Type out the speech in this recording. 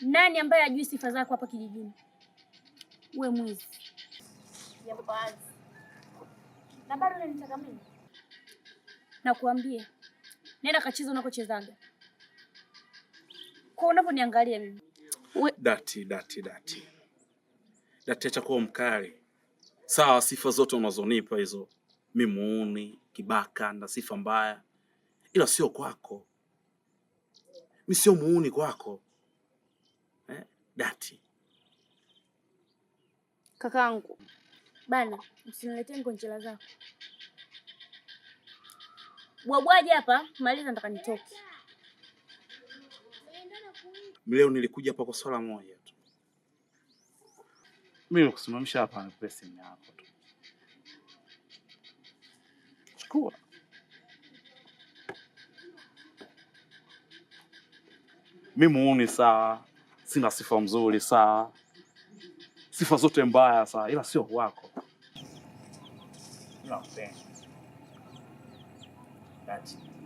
Nani ambaye ajui sifa zako hapa kijijini? Uwe mwizi na bado unanitaka mimi? Nakuambia, nenda kacheza unakochezaga. Kwa unaponiangalia mimi dati dati dati dati, acha kuwa mkali. Sawa, sifa zote unazonipa hizo, mi muuni kibaka na sifa mbaya, ila sio kwako. Mi sio muuni kwako dati. Kakaangu bana, msiniletee ngonjera zako bwabwaje hapa. Maliza, nataka nitoke. Leo nilikuja hapa kwa swala moja tu, mimi nakusimamisha hapa, nikupe simu yako tu, chukua. Mimi muuni sawa sina sifa mzuri saa, sifa zote mbaya saa, ila sio wako no,